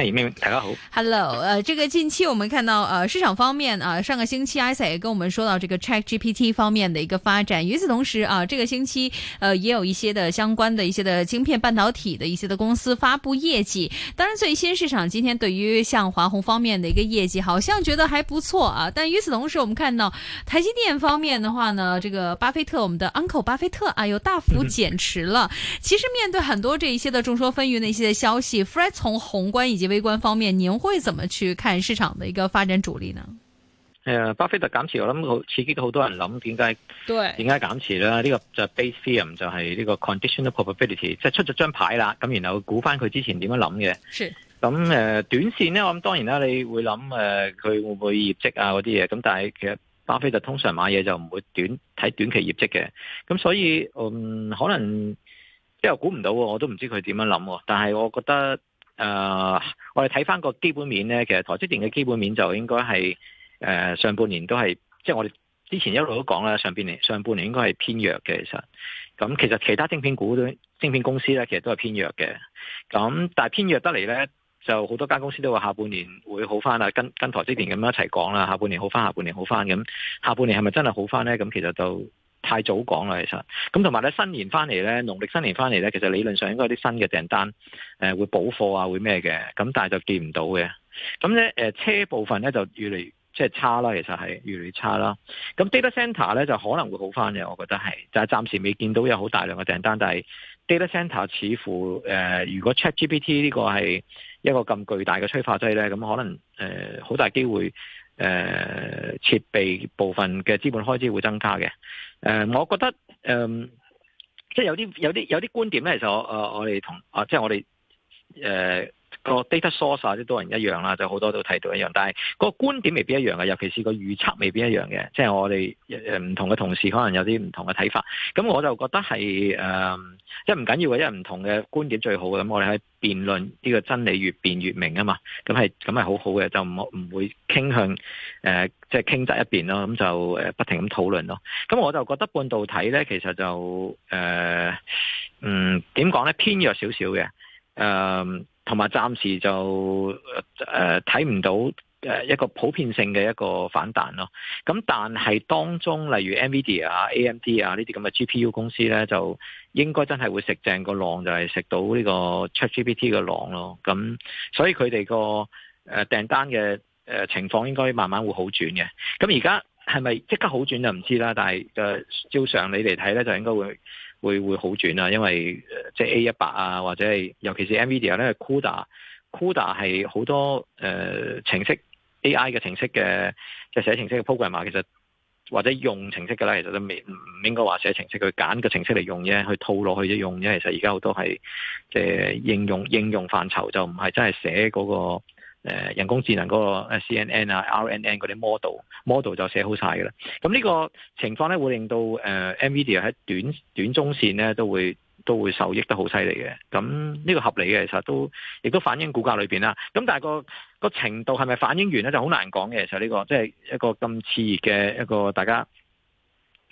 嗨，大家好。Hello，呃，這個近期我們看到，呃，市場方面啊、呃，上個星期 ICE 也跟我們說到這個 Chat GPT 方面的一個發展。與此同時啊、呃，這個星期呃，也有一些的相關的、一些的晶片、半導體的一些的公司發布業績。當然，最新市場今天對於像華虹方面的一個業績，好像覺得還不錯啊。但與此同時，我們看到台積電方面的話呢，這個巴菲特，我們的 Uncle 巴菲特啊，又大幅減持了、嗯。其實面對很多這一些的眾說紛紜、的一些消息，Fred 從宏觀以及。微觀方面，您會怎麼去看市場的一個發展主力呢？誒、呃，巴菲特減持，我諗好刺激到好多人諗點解？對，點解減持啦？呢、這個就 Bayes theorem 就係呢個 conditional probability，即係出咗張牌啦，咁然後估翻佢之前點樣諗嘅。是。咁誒、呃，短綫呢，我諗當然啦，你會諗誒，佢、呃、會唔會業績啊嗰啲嘢？咁但係其實巴菲特通常買嘢就唔會短睇短期業績嘅。咁所以嗯，可能即係估唔到，我都唔知佢點樣諗。但係我覺得。誒、呃，我哋睇翻個基本面咧，其實台積電嘅基本面就應該係誒，上半年都係，即係我哋之前一路都講啦，上半年上半年應該係偏弱嘅，其實，咁其實其他晶片股、都晶片公司咧，其實都係偏弱嘅，咁但係偏弱得嚟，咧，就好多間公司都話下半年會好翻啦，跟跟台積電咁樣一齊講啦，下半年好翻，下半年好翻，咁下半年係咪真係好翻咧？咁其實就。太早講啦，其實咁同埋咧新年翻嚟咧，農曆新年翻嚟咧，其實理論上應該有啲新嘅訂單，誒、呃、會補貨啊，會咩嘅，咁但係就見唔到嘅。咁咧誒車部分咧就越嚟即係差啦，其實係越嚟越差啦。咁 data center 咧就可能會好翻嘅，我覺得係，但係暫時未見到有好大量嘅訂單。但係 data center 似乎誒、呃，如果 Chat GPT 呢個係一個咁巨大嘅催化劑咧，咁可能誒好、呃、大機會。誒、呃、設備部分嘅資本開支會增加嘅。誒、呃，我覺得誒、呃，即係有啲有啲有啲觀點咧，其、呃、實我我我哋同啊、呃，即係我哋誒。呃那個 data source 都多人一樣啦，就好多都睇到一樣，但係個觀點未必一樣嘅，尤其是個預測未必一樣嘅。即係我哋誒唔同嘅同事可能有啲唔同嘅睇法。咁我就覺得係誒，即係唔緊要嘅，因為唔同嘅觀點最好嘅。咁我哋喺辯論呢個真理越辯越明啊嘛。咁係咁係好好嘅，就唔唔會傾向誒即係傾側一邊咯。咁就誒不停咁討論咯。咁我就覺得半導體咧，其實就誒、呃，嗯，點講咧，偏弱少少嘅，誒、呃。同埋暫時就誒睇唔到誒、呃、一個普遍性嘅一個反彈咯。咁但係當中例如 NVIDIA 啊、AMD 啊呢啲咁嘅 GPU 公司咧，就應該真係會食正個浪，就係、是、食到呢個 ChatGPT 嘅浪咯。咁、嗯、所以佢哋個誒訂單嘅誒、呃、情況應該慢慢會好轉嘅。咁而家係咪即刻好轉就唔知啦。但係嘅照常你嚟睇咧，就應該會。會會好轉啊，因為、呃、即係 A100 啊，或者係尤其是 NVIDIA 咧，CUDA，CUDA 係好多誒、呃、程式 AI 嘅程式嘅，即係寫程式嘅 programmer 其實或者用程式嘅咧，其實都未唔應該話寫程式，去揀個程式嚟用啫，去套落去用啫。其實而家好多係即係應用應用範疇，就唔係真係寫嗰個。誒、呃，人工智能嗰個誒 CNN 啊、RNN 嗰啲 model，model 就寫好晒㗎啦。咁呢個情況咧，會令到誒、呃、Nvidia 喺短短中線咧，都會都會受益得好犀利嘅。咁呢個合理嘅，其實都亦都反映股價裏邊啦。咁但係、那個個程度係咪反映完咧，就好難講嘅。其實、這個、就呢個即係一個咁熾熱嘅一個大家，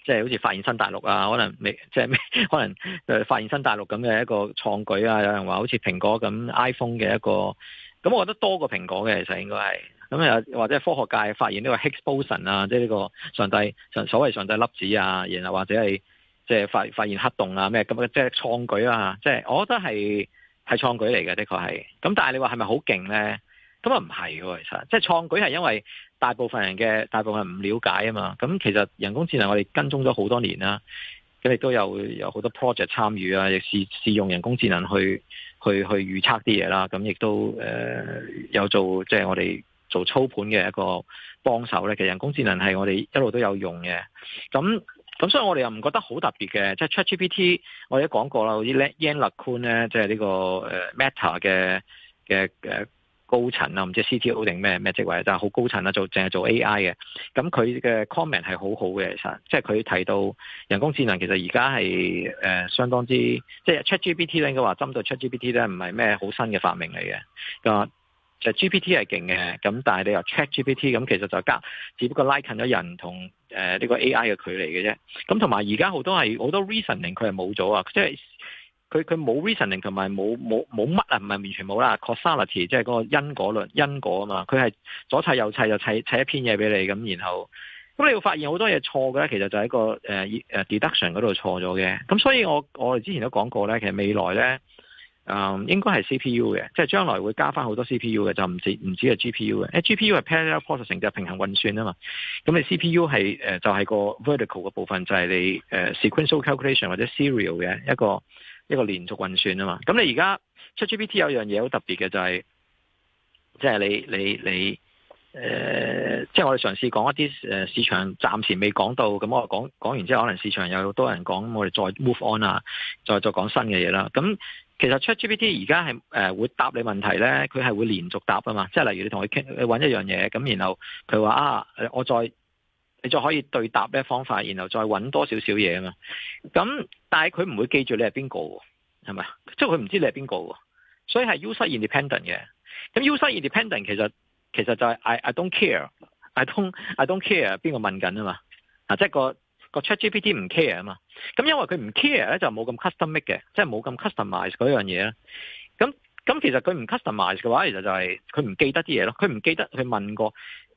即、就、係、是、好似發現新大陸啊，可能未即係咩，可能誒發現新大陸咁嘅一個創舉啊。有人話好似蘋果咁 iPhone 嘅一個。咁我覺得多過蘋果嘅，其實應該係咁又或者科學界發現呢個 Higgs Boson 啊，即係呢個上帝、所謂上帝粒子啊，然後或者係即係發發現黑洞啊咩咁嘅，即係創舉啊，即係我覺得係係創舉嚟嘅，的確係。咁但係你話係咪好勁咧？咁啊唔係喎，其實即係創舉係因為大部分人嘅大部分唔了解啊嘛。咁其實人工智能我哋跟蹤咗好多年啦，咁亦都有有好多 project 參與啊，亦試試用人工智能去。去去預測啲嘢啦，咁亦都呃有做即係、就是、我哋做操盤嘅一個幫手咧。其實人工智能係我哋一路都有用嘅，咁咁所以我哋又唔覺得好特別嘅。即係 ChatGPT，我哋都講過啦，好似 Yann LeCun，呢，Koon, 即係呢、呢個、呃、Meta 嘅嘅嘅。高層啊，唔知 CTO 定咩咩職位，就係好高層啊，做淨係做 AI 嘅。咁佢嘅 comment 係好好嘅，其實即係佢提到人工智能其實而家係呃相當之，即係 ChatGPT 咧，應該話針對 ChatGPT 咧唔係咩好新嘅發明嚟嘅。個就 GPT 係勁嘅，咁但係你又 ChatGPT 咁其實就加，只不過拉近咗人同呢、呃呢個 AI 嘅距離嘅啫。咁同埋而家好多係好多 reasoning 佢係冇咗啊，即係佢佢冇 reasoning 同埋冇冇冇乜啊，唔係完全冇啦，causality 即係嗰個因果論因果啊嘛，佢係左砌右砌就砌砌一篇嘢俾你咁，然後咁你會發現好多嘢錯嘅，其實就係一個誒、uh, deduction 嗰度錯咗嘅。咁所以我我哋之前都講過咧，其實未來咧誒、嗯、應該係 CPU 嘅，即係將來會加翻好多 CPU 嘅，就唔止唔止係 GPU 嘅。Uh, GPU 係 parallel processing 就係平行運算啊嘛，咁你 CPU 係誒就係、是、個 vertical 嘅部分，就係、是、你、uh, sequential calculation 或者 serial 嘅一個。一個連續運算啊嘛，咁你而家出 GPT 有樣嘢好特別嘅就係，即係你你你誒，即係我哋嘗試講一啲市場暫時未講到，咁我講講完之後，可能市場有多人講，咁我哋再 move on 啊，再再講新嘅嘢啦。咁其實出 GPT 而家係誒會答你問題咧，佢係會連續答啊嘛，即係例如你同佢傾，你揾一樣嘢咁，然後佢話啊，我再。你再可以對答咩方法，然後再揾多少少嘢啊嘛。咁但係佢唔會記住你係邊個喎，係咪？即係佢唔知你係邊個喎。所以係 user independent 嘅。咁 user independent 其實其實就係 I, I don't care，I don't I don't care 邊個問緊啊嘛。啊，即係個，個 ChatGPT 唔 care 啊嘛。咁因為佢唔 care 咧，就冇咁 custom make 嘅，即係冇咁 customize 嗰樣嘢啦。咁咁其實佢唔 customize 嘅話，其實就係佢唔記得啲嘢咯。佢唔記得佢問過。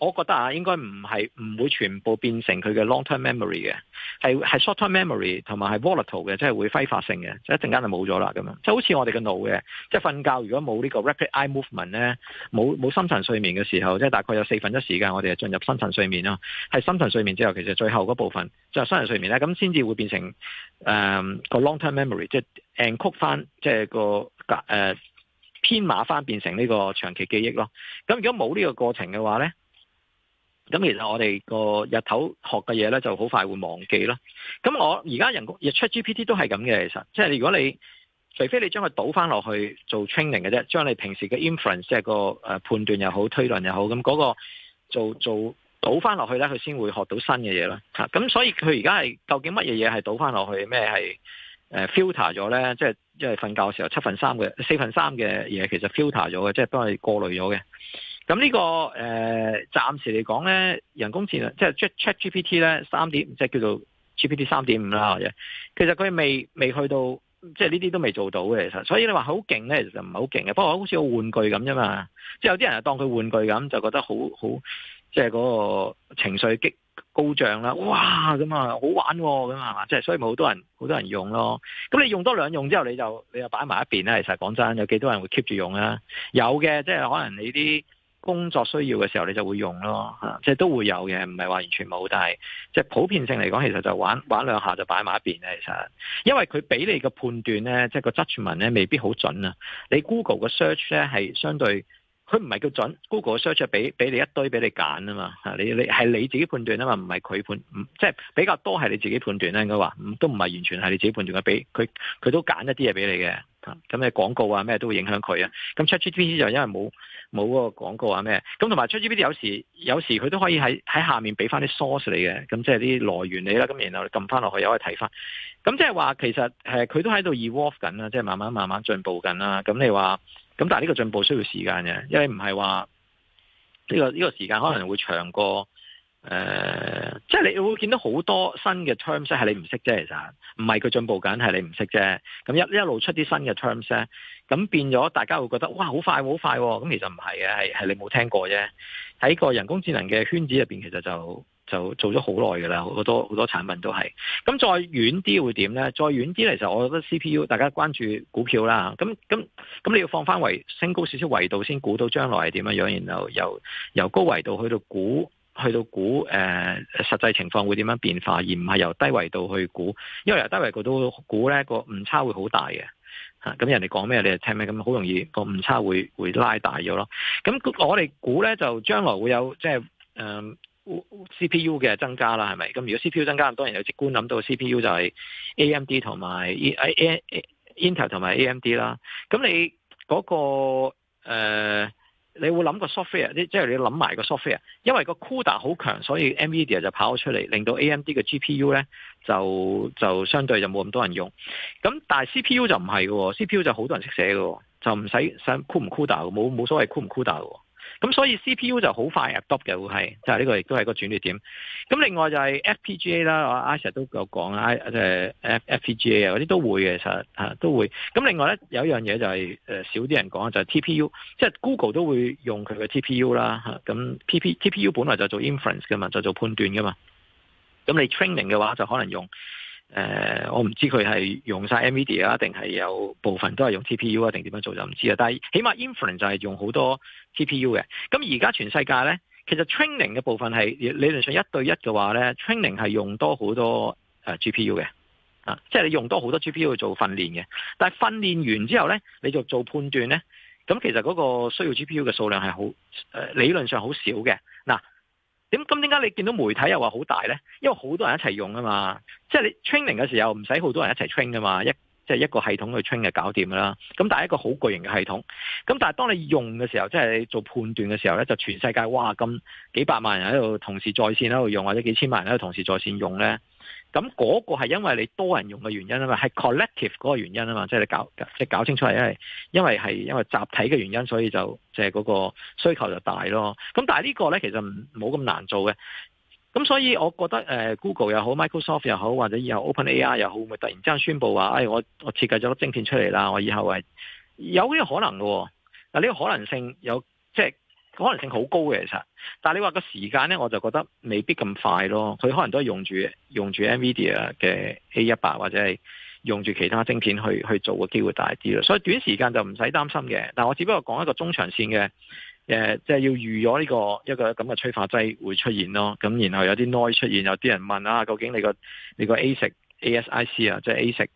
我覺得啊，應該唔係唔會全部變成佢嘅 long term memory 嘅，係係 short term memory 同埋係 volatile 嘅，即係會揮發性嘅，即係一陣間就冇咗啦咁樣。即係好似我哋嘅腦嘅，即係瞓覺如果冇呢個 rapid eye movement 咧，冇冇深層睡眠嘅時候，即係大概有四分一時間我哋係進入深層睡眠咯。係深層睡眠之後，其實最後嗰部分就係、深層睡眠咧，咁先至會變成誒、呃、個 long term memory，即係 encode 翻，即係個誒編碼翻變成呢個長期記憶咯。咁如果冇呢個過程嘅話咧？咁其實我哋個日頭學嘅嘢咧，就好快會忘記啦。咁我而家人工日出 GPT 都係咁嘅，其實即係如果你除非，非你將佢倒翻落去做 training 嘅啫，將你平時嘅 inference 即係個誒、呃、判斷又好推論又好，咁嗰個做做倒翻落去咧，佢先會學到新嘅嘢啦。嚇，咁所以佢而家係究竟乜嘢嘢係倒翻落去咩係 filter 咗咧？即係即係瞓覺嘅時候七分三嘅四分三嘅嘢其實 filter 咗嘅，即係幫你過濾咗嘅。咁呢、這個誒、呃，暫時嚟講咧，人工智能即係 Chat Chat GPT 咧，三點即係叫做 GPT 三點五啦，或者其實佢未未去到，即係呢啲都未做到嘅其實。所以你話好勁咧，其實唔係好勁嘅。不過好似個玩具咁啫嘛，即係有啲人係當佢玩具咁，就覺得好好，即係嗰個情緒激高漲啦，哇咁啊好玩喎咁啊，即係所以咪好多人好多人用咯。咁你用多兩用之後，你就你又擺埋一邊啦。其實講真，有幾多人會 keep 住用啊？有嘅，即係可能你啲。工作需要嘅時候，你就會用咯，即係都會有嘅，唔係話完全冇，但係即係普遍性嚟講，其實就玩玩兩下就擺埋一邊咧。其實，因為佢俾你嘅判斷咧，即係個質問咧，未必好準啊。你 Google 嘅 search 咧，係相對。佢唔係叫準，Google search 係俾俾你一堆俾你揀啊嘛，你你係你自己判斷啊嘛，唔係佢判斷，即係比較多係你自己判斷啦應該話，都唔係完全係你自己判斷嘅，俾佢佢都揀一啲嘢俾你嘅，咁、啊、你廣告啊咩都會影響佢啊。咁 ChatGPT 就因為冇冇嗰個廣告啊咩，咁同埋 ChatGPT 有時有時佢都可以喺喺下面俾翻啲 source 你嘅，咁即係啲來源你啦，咁然後你撳翻落去又可以睇翻。咁即係話其實佢都喺度 evolve 緊啦，即係慢慢慢慢進步緊啦。咁你話？咁但係呢個進步需要時間嘅，因為唔係話呢個呢個時間可能會長過誒，即、呃、係、就是、你會見到好多新嘅 terms 係你唔識啫，其實唔係佢進步緊，係你唔識啫。咁一一路出啲新嘅 terms，咁變咗大家會覺得哇，好快好快喎！咁其實唔係嘅，係係你冇聽過啫。喺個人工智能嘅圈子入邊，其實就。就做咗好耐嘅啦，好多好多產品都係。咁再遠啲會點呢？再遠啲嚟就，我覺得 CPU 大家關注股票啦。咁咁咁你要放翻維升高少少，維度先估到將來係點樣樣。然後由由高維度去到估，去到估誒、呃、實際情況會點樣變化，而唔係由低維度去估。因為由低維度估呢個誤差會好大嘅。咁、啊、人哋講咩你就聽咩，咁好容易個誤差會會拉大咗咯。咁我哋估呢，就將來會有即係、呃 C P U 嘅增加啦，係咪？咁如果 C P U 增加咁多人，當然有直觀諗到 C P U 就係 A M D 同埋 i i i Intel 同埋 A M D 啦。咁你嗰、那個、呃、你會諗個 software，即係你諗埋個 software，因為個 CUDA 好強，所以 N Vidia 就跑咗出嚟，令到 A M D 嘅 G P U 咧就就相對就冇咁多人用。咁但係 C P U 就唔係喎、哦、C P U 就好多人識寫喎、哦，就唔使想 CUDA 唔 CUDA 冇冇所謂 CUDA 唔 CUDA 嘅。咁所以 C P U 就好快 adopt 嘅會係，就係呢個亦都係個轉捩點。咁另外就係 F P G A 啦，阿、就、Sir、是、都有講啊，誒 F P G A 嗰啲都會嘅，其實都會。咁另外咧有一樣嘢就係、是、誒、呃、少啲人講，就係、是、T P U，即係 Google 都會用佢嘅 T P U 啦。咁 T P T P U 本來就做 inference 嘅嘛，就做判斷嘅嘛。咁你 training 嘅話就可能用誒、呃，我唔知佢係用晒 N V D 啊，定係有部分都係用 T P U 啊，定點樣做就唔知啦。但係起碼 inference 就係用好多。G P U 嘅，咁而家全世界呢，其實 training 嘅部分係理論上一對一嘅話呢，training 係用多好多 G P U 嘅，啊，即係你用多好多 G P U 去做訓練嘅。但係訓練完之後呢，你就做判斷呢，咁其實嗰個需要 G P U 嘅數量係好、呃、理論上好少嘅。嗱、啊，點咁點解你見到媒體又話好大呢？因為好多人一齊用啊嘛，即係你 training 嘅時候唔使好多人一齊 train 啊嘛。即係一個系統去 train 就搞掂噶啦，咁但係一個好巨型嘅系統，咁但係當你用嘅時候，即係你做判斷嘅時候咧，就全世界哇咁幾百萬人喺度同時在線喺度用，或者幾千萬人喺度同時在線用咧，咁、那、嗰個係因為你多人用嘅原因啊嘛，係 collective 嗰個原因啊嘛，即、就、係、是、你搞即係搞清楚係因為因為係因為集體嘅原因，所以就即係嗰個需求就大咯。咁但係呢個咧其實唔冇咁難做嘅。咁所以，我覺得誒、呃、Google 又好，Microsoft 又好，或者以後 OpenAI 又好，會突然之間宣布話：誒、哎、我我設計咗粒晶片出嚟啦！我以後係有呢個可能嘅、哦。嗱，呢個可能性有，即係可能性好高嘅其實。但你話個時間咧，我就覺得未必咁快咯。佢可能都係用住用住 NVIDIA 嘅 A 一百，或者係用住其他晶片去去做嘅機會大啲咯。所以短時間就唔使擔心嘅。但我只不過講一個中長線嘅。誒，即係要預咗呢個一個咁嘅催化劑會出現咯，咁然後有啲 noise 出現，有啲人問啊，究竟你個你個 ASIC, ASIC, ASIC、ASIC 啊，即係 ASIC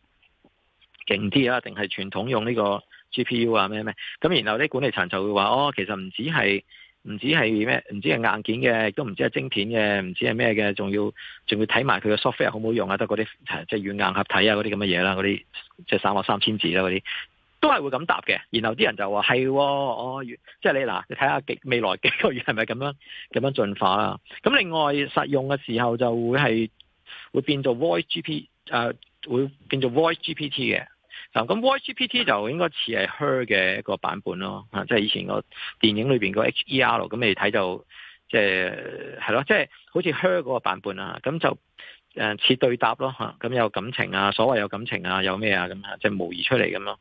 勁啲啊，定係傳統用呢個 GPU 啊咩咩？咁然後啲管理層就會話，哦，其實唔止係唔止係咩，唔止係硬件嘅，都唔止係晶片嘅，唔止係咩嘅，仲要仲要睇埋佢個 software 好唔好用啊，得嗰啲即係軟硬合體啊嗰啲咁嘅嘢啦，嗰啲即係三百三千字啦嗰啲。都係會咁答嘅，然後啲人就話係，哦即係你嗱，你睇下幾未來幾個月係咪咁樣咁樣進化啦？咁另外實用嘅時候就會係會變做 Voice G P，誒、呃、會變做 Voice G P T 嘅。嗱、嗯，咁 Voice G P T 就應該似係 Her 嘅一個版本咯，即、啊、係、就是、以前個電影裏面個 H E R，咁你睇就即係係咯，即、就、係、是就是、好似 Her 嗰個版本啦，咁、啊、就。誒、呃、似對答咯咁、啊、有感情啊，所謂有感情啊，有咩啊咁啊，即係模擬出嚟咁咯。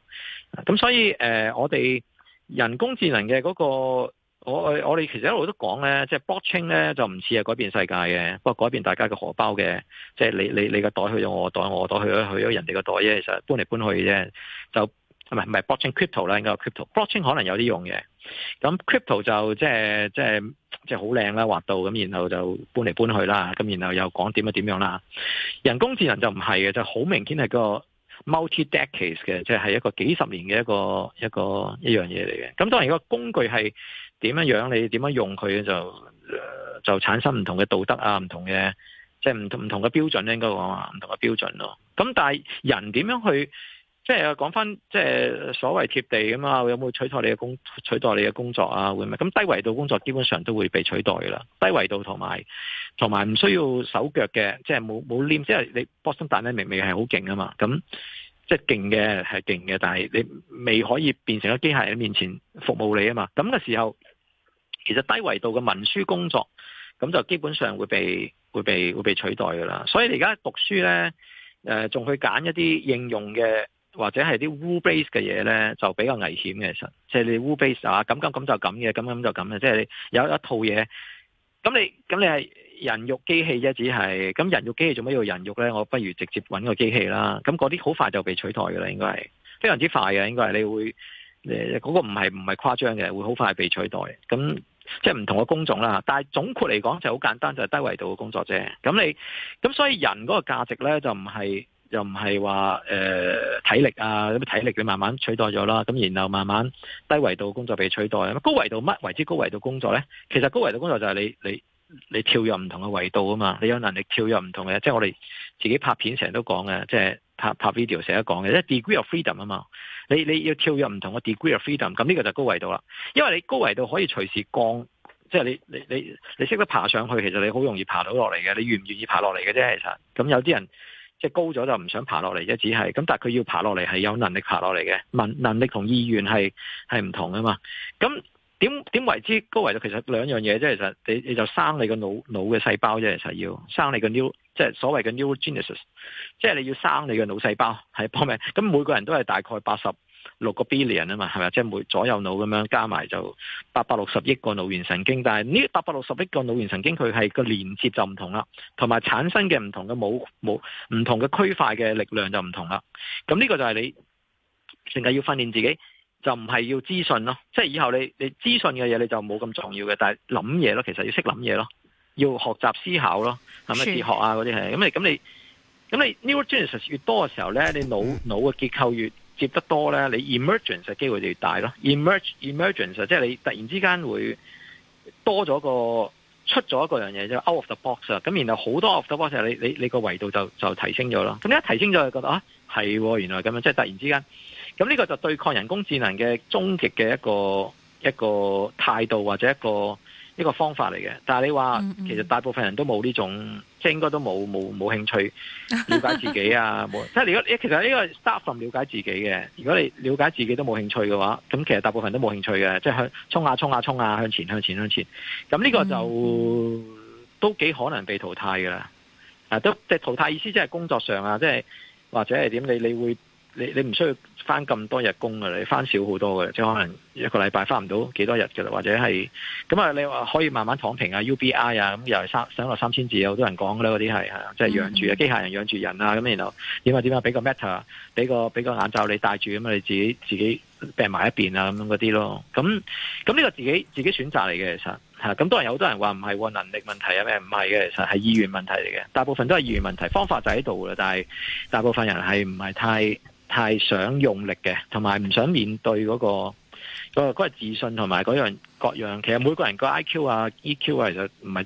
咁所以誒、呃，我哋人工智能嘅嗰、那個，我我哋其實一路都講咧，即係 blockchain 咧就唔似係改變世界嘅，不過改變大家嘅荷包嘅，即係你你你個袋去咗我袋，我袋去咗去咗人哋個袋啫，其實搬嚟搬去啫，就。唔係唔係 Blockchain Crypto 啦，應該係 Crypto。Blockchain 可能有啲用嘅，咁 Crypto 就即係即係即係好靚啦，滑到咁，然後就搬嚟搬去啦，咁然後又講點樣點樣啦。人工智能就唔係嘅，就好明顯係個 multi-decades 嘅，即係係一個幾十年嘅一個一個一樣嘢嚟嘅。咁當然個工具係點樣樣，你點樣用佢就就產生唔同嘅道德啊，唔同嘅即係唔唔同嘅標準咧，應該講話，唔同嘅標準咯。咁但係人點樣去？即係講翻，即係所謂貼地吖嘛，會有冇取代你嘅工，取代你嘅工作啊？會咩？咁低維度工作基本上都會被取代噶啦。低維度同埋同埋唔需要手腳嘅，即係冇冇黏，即係你波心彈明明係好勁啊嘛！咁即係勁嘅係勁嘅，但係你未可以變成個機械人面前服務你啊嘛！咁嘅時候，其實低維度嘅文書工作咁就基本上會被會被會被取代噶啦。所以你而家讀書呢，呃、仲、去揀一啲應用嘅。或者係啲 rule-based 嘅嘢咧，就比較危險嘅。其實即係你 rule-based 啊，咁咁咁就咁嘅，咁咁就咁嘅。即係你有一套嘢，咁你咁你係人肉機器啫，只係咁人肉機器做咩要人肉咧？我不如直接搵個機器啦。咁嗰啲好快就被取代嘅啦，應該係非常之快嘅，應該係你會嗰、嗰個唔係唔係誇張嘅，會好快被取代。咁即係唔同嘅工種啦，但係總括嚟講就好簡單，就係，低維度嘅工作啫。咁你咁所以人嗰個價值咧就唔係。又唔係話誒體力啊，啲體力你慢慢取代咗啦，咁然後慢慢低維度工作被取代。咁高維度乜為之高維度工作呢？其實高維度工作就係你你你跳入唔同嘅維度啊嘛，你有能力跳入唔同嘅，即係我哋自己拍片成日都講嘅，即係拍拍 video 成日都講嘅，即係 degree of freedom 啊嘛。你你要跳入唔同嘅 degree of freedom，咁呢個就高維度啦。因為你高維度可以隨時降，即係你你你你識得爬上去，其實你好容易爬到落嚟嘅。你願唔願意爬落嚟嘅啫，其實。咁有啲人。即係高咗就唔想爬落嚟啫，只係咁。但係佢要爬落嚟係有能力爬落嚟嘅，能能力同意願係係唔同啊嘛。咁點點為之高維度？其實兩樣嘢即係，其實你你就生你個腦腦嘅細胞啫，其實要生你個 new 即係所謂嘅 neurogenesis，即係你要生你嘅腦細胞係搏命。咁每個人都係大概八十。六個 billion 啊嘛，係咪？即係每左右腦咁樣加埋就八百六十億個腦元神經，但係呢八百六十億個腦元神經，佢係個連接就唔同啦，同埋產生嘅唔同嘅冇腦唔同嘅區塊嘅力量就唔同啦。咁呢個就係你成日要訓練自己，就唔係要資訊咯，即係以後你你資訊嘅嘢你就冇咁重要嘅，但係諗嘢咯，其實要識諗嘢咯，要學習思考咯，係咪？哲學啊嗰啲係，咁啊咁你咁你 neurogenesis 越多嘅時候咧，你腦腦嘅結構越接得多咧，你 emergence 嘅機會就越大咯。emerge emergence 即係你突然之間會多咗個出咗一個樣嘢啫，out of the box 啦，咁然後好多 out of the box，你你你個維度就就提升咗咯。咁你一提升咗，就覺得啊，係、哦、原來咁樣，即係突然之間。咁、這、呢個就對抗人工智能嘅終極嘅一個一個態度或者一個。呢個方法嚟嘅，但係你話，其實大部分人都冇呢種，嗯嗯、即係應該都冇冇冇興趣了解自己啊！ 即係如果你其實呢個 self help 了解自己嘅，如果你了解自己都冇興趣嘅話，咁其實大部分人都冇興趣嘅，即係向衝啊衝啊衝啊向前向前向前，咁呢個就、嗯、都幾可能被淘汰噶啦，啊都即係淘汰意思即係工作上啊，即係或者係點你你會。你你唔需要返咁多日工噶，你返少好多噶，即係可能一個禮拜返唔到幾多日噶啦，或者係咁啊！你話可以慢慢躺平啊，UBI 啊，咁又係三上落三千字，有好多人講啦，嗰啲係即係養住啊，機械人養住人啊，咁、mm -hmm. 然後點啊點啊，俾個 matter，俾個俾個眼罩你戴住咁啊，你自己自己病埋一邊啊，咁樣嗰啲咯。咁咁呢個自己自己選擇嚟嘅其實吓，咁當然有好多人話唔係喎，能力問題啊咩唔係嘅，其實係意願問題嚟嘅，大部分都係意願問題，方法就喺度噶啦，但係大部分人係唔係太。太想用力嘅，同埋唔想面對嗰、嗰個嗰嗰、嗰個嗰個、自信同埋嗰樣各樣。其實每個人個 IQ 啊 EQ 啊其實唔係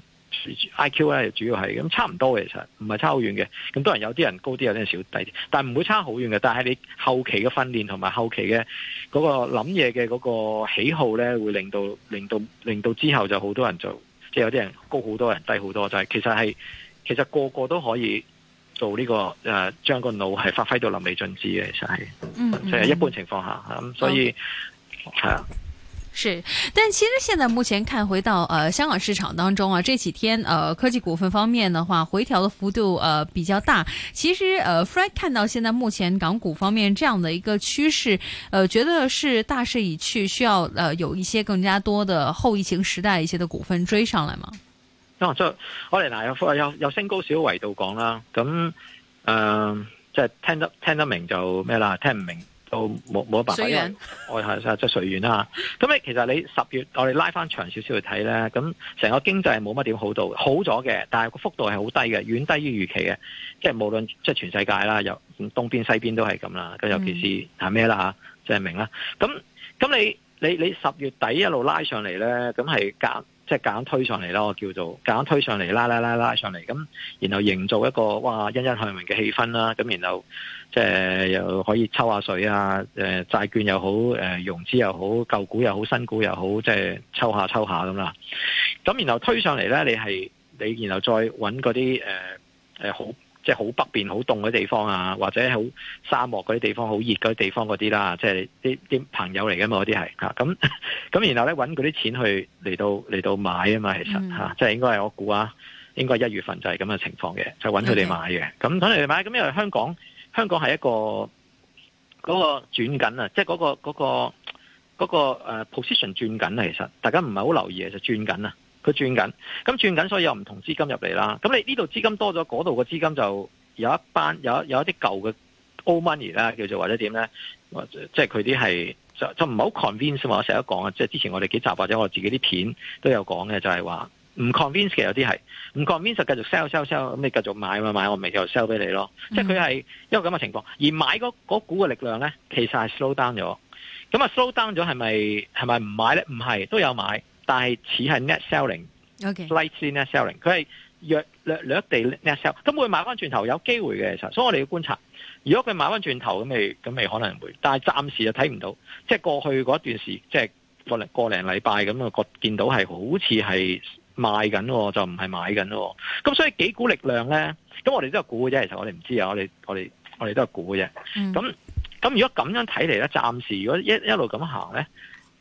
IQ 咧、啊，主要係咁差唔多嘅，其實唔係差好遠嘅。咁多人有啲人高啲，有啲人少低啲，但係唔會差好遠嘅。但係你後期嘅訓練同埋後期嘅嗰、嗰個諗嘢嘅嗰個喜好咧，會令到令到令到之後就好多人做就即、係、係有啲人高好多人低好多，就係、係、其實係其實個個都可以。做呢、這個誒，將、呃、個腦係發揮到淋漓盡致嘅，其實係，即、嗯、係、嗯嗯、一般情況下，咁所以係啊。Okay. 是，但其實現在目前看回到誒、呃、香港市場當中啊，這幾天誒、呃、科技股份方面的話回調的幅度誒、呃、比較大。其實誒、呃、Fred 看到現在目前港股方面這樣的一個趨勢，誒、呃、覺得是大勢已去，需要誒、呃、有一些更加多的後疫情時代一些的股份追上來嗎？哦，即係我嚟嗱，有有升高少維度講啦，咁誒，即、呃、係、就是、聽得聽得明就咩啦，聽唔明都冇冇辦法。因為，我係即係隨緣啦。咁、就、咧、是，其實你十月我哋拉翻長少少去睇咧，咁成個經濟係冇乜點好到，好咗嘅，但係個幅度係好低嘅，遠低於預期嘅。即係無論即係全世界啦，由東邊西邊都係咁啦。咁尤其是係咩啦吓，即係明啦。咁、就、咁、是、你你你十月底一路拉上嚟咧，咁係即係夾硬推上嚟啦，我叫做夾硬推上嚟拉拉拉拉上嚟，咁然後營造一個哇欣欣向榮嘅氣氛啦，咁然後即係、呃、又可以抽下水啊，誒、呃、債券又好，誒、呃、融資又好，舊股又好，新股又好，即係抽下抽下咁啦。咁然後推上嚟咧，你係你然後再揾嗰啲誒誒好。即係好北邊好凍嘅地方啊，或者好沙漠嗰啲地方、好熱嗰啲地方嗰啲啦，即係啲啲朋友嚟嘅嘛，嗰啲係咁咁，然後咧揾嗰啲錢去嚟到嚟到買啊嘛，其實、嗯啊、即係應該係我估啊，應該一月份就係咁嘅情況嘅，就揾佢哋買嘅。咁等佢哋買，咁因為香港香港係一個嗰、嗰個轉緊啊，即係嗰、嗰個嗰、嗰個嗰、嗰個嗰個嗰個呃、position 轉緊啊，其實大家唔係好留意就轉緊啊。佢轉緊，咁轉緊，所以有唔同資金入嚟啦。咁你呢度資金多咗，嗰度個資金就有一班有有一啲舊嘅 old money 啦，叫做或者點咧，或者即係佢啲係就就唔好 convince 我成日都講啊，即係之前我哋幾集或者我自己啲片都有講嘅，就係話唔 convince 嘅有啲係唔 convince 就繼續 sell sell sell，咁你繼續買嘛買，我咪繼續 sell 俾你咯。嗯。即係佢係因為咁嘅情況，而買嗰股嘅力量咧，其實係 slow down 咗。咁啊 slow down 咗係咪係咪唔買咧？唔係都有買。但係似係 net selling，light 啲 net selling，佢係略略略地 net sell，咁會買翻轉頭有機會嘅其實，所以我哋要觀察。如果佢買翻轉頭，咁咪咁可能會，但係暫時就睇唔到。即係過去嗰一段時，即係過零個零禮拜咁啊，見到係好似係賣緊，就唔係買緊。咁所以幾股力量咧，咁我哋都係估嘅啫。其實我哋唔知啊，我哋我哋我哋都係估嘅啫。咁、嗯、咁如果咁樣睇嚟咧，暫時如果一一路咁行咧。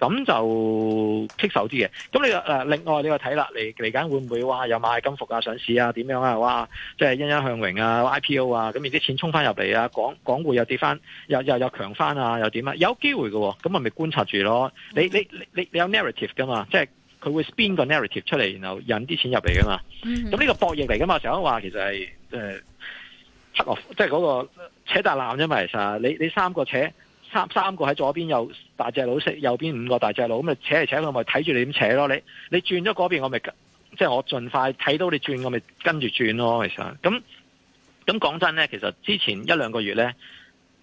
咁就棘手啲嘅。咁你誒、呃、另外你，你會會又睇啦，嚟嚟緊會唔會哇有買金服啊，上市啊點樣啊哇，即、就、係、是、欣欣向榮啊 IPO 啊，咁而啲錢衝翻入嚟啊，港港股又跌翻又又又強翻啊又點啊，有機會嘅喎、啊。咁咪咪觀察住咯。你你你你有 narrative 噶嘛，即係佢會 spin 個 narrative 出嚟，然後引啲錢入嚟噶嘛。咁、嗯、呢個博弈嚟噶嘛，成日都話其實係誒即係嗰個扯大纜啫嘛，其、就、實、是、你你三個扯。三三個喺左邊，有大隻佬，右邊五個大隻佬，咁咪扯嚟扯去，咪睇住你點扯咯。你你轉咗嗰邊，我咪即係我盡快睇到你轉，我咪跟住轉咯。其實咁咁講真咧，其實之前一兩個月咧，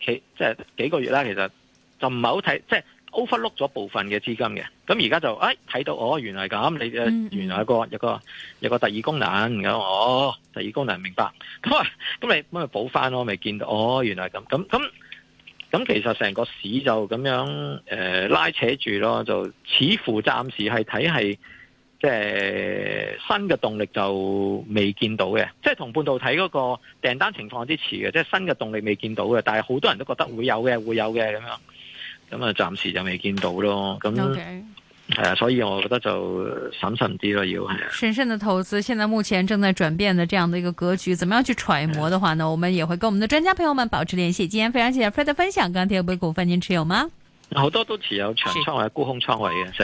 其即係幾個月啦，其實就唔係好睇，即係 overlook 咗部分嘅資金嘅。咁而家就誒睇、哎、到，哦，原來咁，你誒、嗯嗯、原來個一個有一個特異功能咁，哦特異功能明白。咁啊，咁咪咁咪補翻咯，未見到，哦，原來係咁，咁咁。咁其實成個市就咁樣誒、呃、拉扯住咯，就似乎暫時係睇係即係新嘅動力就未見到嘅，即、就、係、是、同半導體嗰個訂單情況之似嘅，即、就、係、是、新嘅動力未見到嘅，但係好多人都覺得會有嘅，會有嘅咁樣，咁啊暫時就未見到咯，咁。Okay. 係啊，所以我覺得就審慎啲咯，要係審慎的投資。現在目前正在轉變的這樣的一個格局，怎麼樣去揣摩的話呢？啊、我們也會跟我們的專家朋友們保持聯繫。今天非常謝謝 Fred 分享。剛剛提到嘅股份？您持有嗎？好多都持有長倉或者沽空倉位嘅。